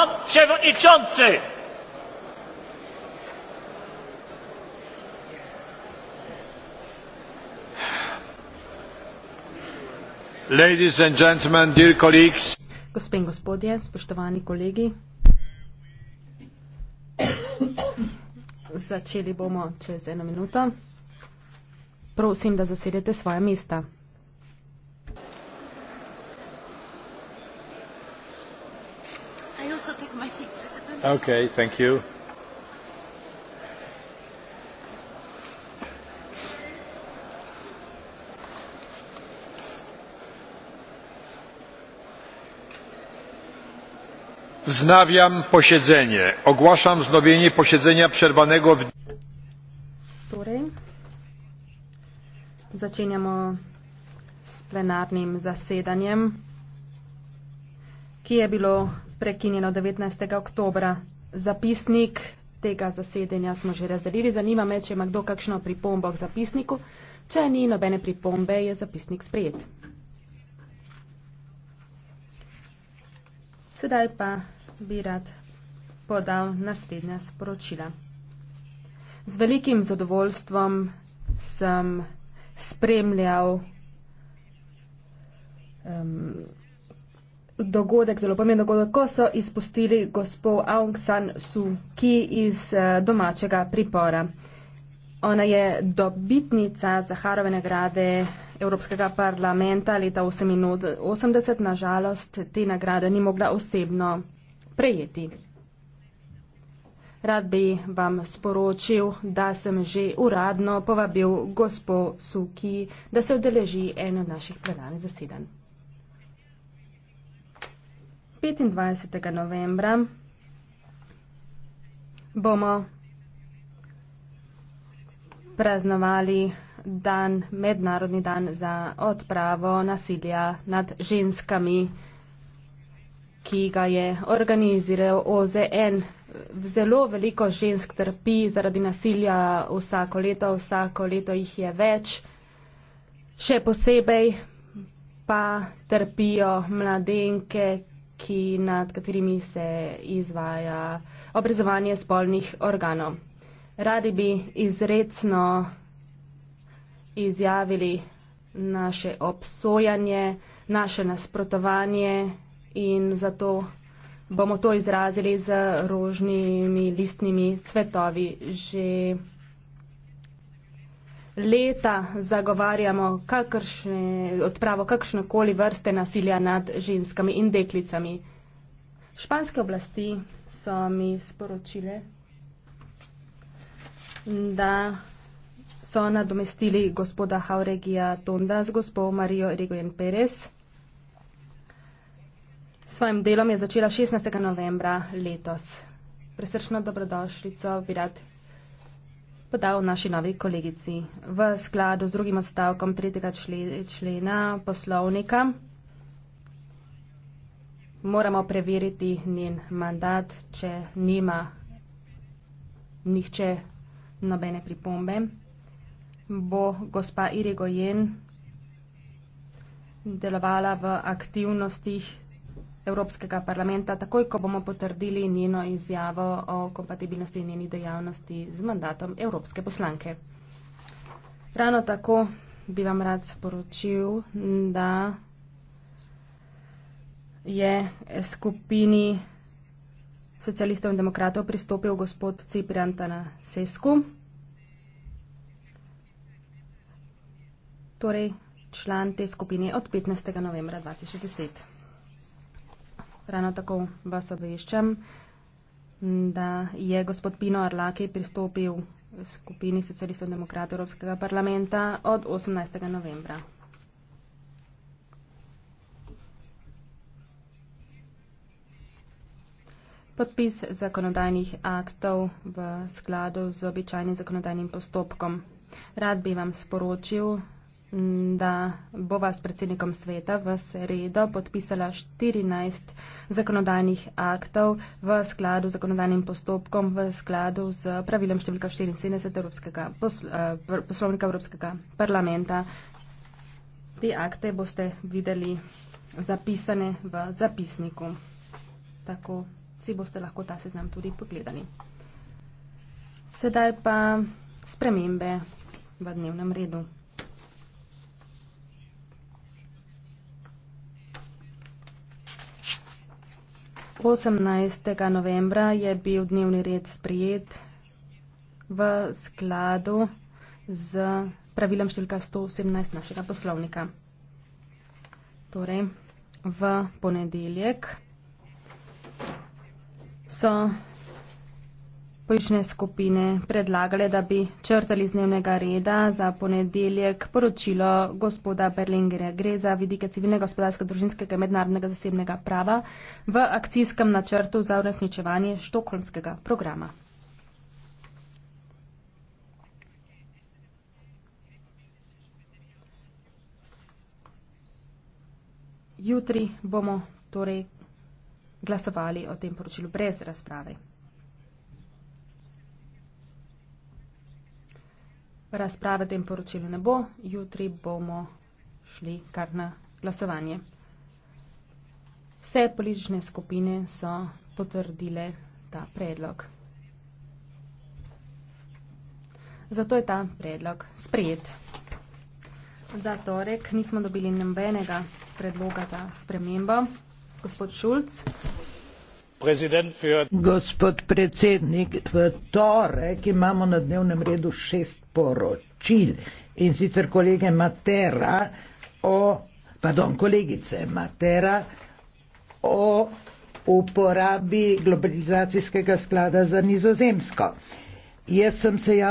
Pan Przewodniczący! Ladies and gentlemen, dear colleagues. Gospe in gospodje, spoštovani kolegi. Začeli bomo čez eno minuto. Prosim, da zasedete svoje mesta. Okay, thank you. Wznawiam posiedzenie. Ogłaszam wznowienie posiedzenia przerwanego w której zaczynamy z plenarnym zasiedaniem ki je bilo prekinjeno 19. oktober. Zapisnik tega zasedenja smo že razdelili. Zanima me, če ima kdo kakšno pripombo k zapisniku. Če ni nobene pripombe, je zapisnik sprejet. Sedaj pa bi rad podal naslednja sporočila. Z velikim zadovoljstvom sem spremljal um, dogodek, zelo pomemben dogodek, ko so izpustili gospod Aung San Suu Kyi iz eh, domačega pripora. Ona je dobitnica Zaharove nagrade Evropskega parlamenta leta 1988, nažalost te nagrade ni mogla osebno prejeti. Rad bi vam sporočil, da sem že uradno povabil gospod Suki, da se odeleži eno naših plenarnih zasedanj. 25. novembra bomo praznovali dan, mednarodni dan za odpravo nasilja nad ženskami, ki ga je organiziral OZN. Zelo veliko žensk trpi zaradi nasilja vsako leto, vsako leto jih je več. Še posebej pa trpijo mladenke, ki, nad katerimi se izvaja obrezovanje spolnih organov. Radi bi izredno izjavili naše obsojanje, naše nasprotovanje in zato bomo to izrazili z rožnimi listnimi cvetovi že leta zagovarjamo kakršne, odpravo kakršnekoli vrste nasilja nad ženskami in deklicami. Španske oblasti so mi sporočile, da so nadomestili gospoda Hauregija Tonda z gospo Marijo Rigojen Perez. Svojim delom je začela 16. novembra letos. Presrčno dobrodošlico bi rad podal naši novi kolegici. V skladu z drugim odstavkom 3. člena poslovnika moramo preveriti njen mandat, če nima nihče nobene pripombe. Bo gospa Irigojen delovala v aktivnostih, Evropskega parlamenta, takoj ko bomo potrdili njeno izjavo o kompatibilnosti njeni dejavnosti z mandatom Evropske poslanke. Ravno tako bi vam rad sporočil, da je skupini socialistov in demokratov pristopil gospod Ciprian Tanasescu, torej član te skupine od 15. novembra 2010. Ravno tako vas obveščam, da je gospod Pino Arlaki pristopil skupini socialistov demokratov Evropskega parlamenta od 18. novembra. Podpis zakonodajnih aktov v skladu z običajnim zakonodajnim postopkom. Rad bi vam sporočil, Mm, da bova s predsednikom sveta v sredo podpisala 14 zakonodajnih aktov v skladu z zakonodajnim postopkom, v skladu z pravilem številka 74 Evropskega posl eh, poslovnika Evropskega parlamenta. Te akte boste videli zapisane v zapisniku. Tako si boste lahko ta seznam tudi pogledali. Sedaj pa spremembe v dnevnem redu. 18. novembra je bil dnevni red sprijet v skladu z pravilom številka 118 našega poslovnika. Torej, v ponedeljek so bližne skupine predlagale, da bi črtali z dnevnega reda za ponedeljek poročilo gospoda Berlingerja. Gre za vidike civilnega, gospodarskega, družinskega in mednarodnega zasebnega prava v akcijskem načrtu za uresničevanje štokholmskega programa. Jutri bomo torej glasovali o tem poročilu brez razprave. razprave tem poročilu ne bo, jutri bomo šli kar na glasovanje. Vse politične skupine so potrdile ta predlog. Zato je ta predlog sprejet. Za torek nismo dobili nobenega predloga za spremembo. Gospod Šulc. Gospod predsednik, v torek imamo na dnevnem redu šest poročil in sicer kolege Matera o, pardon, kolegice Matera o uporabi globalizacijskega sklada za nizozemsko. Jaz sem se javil.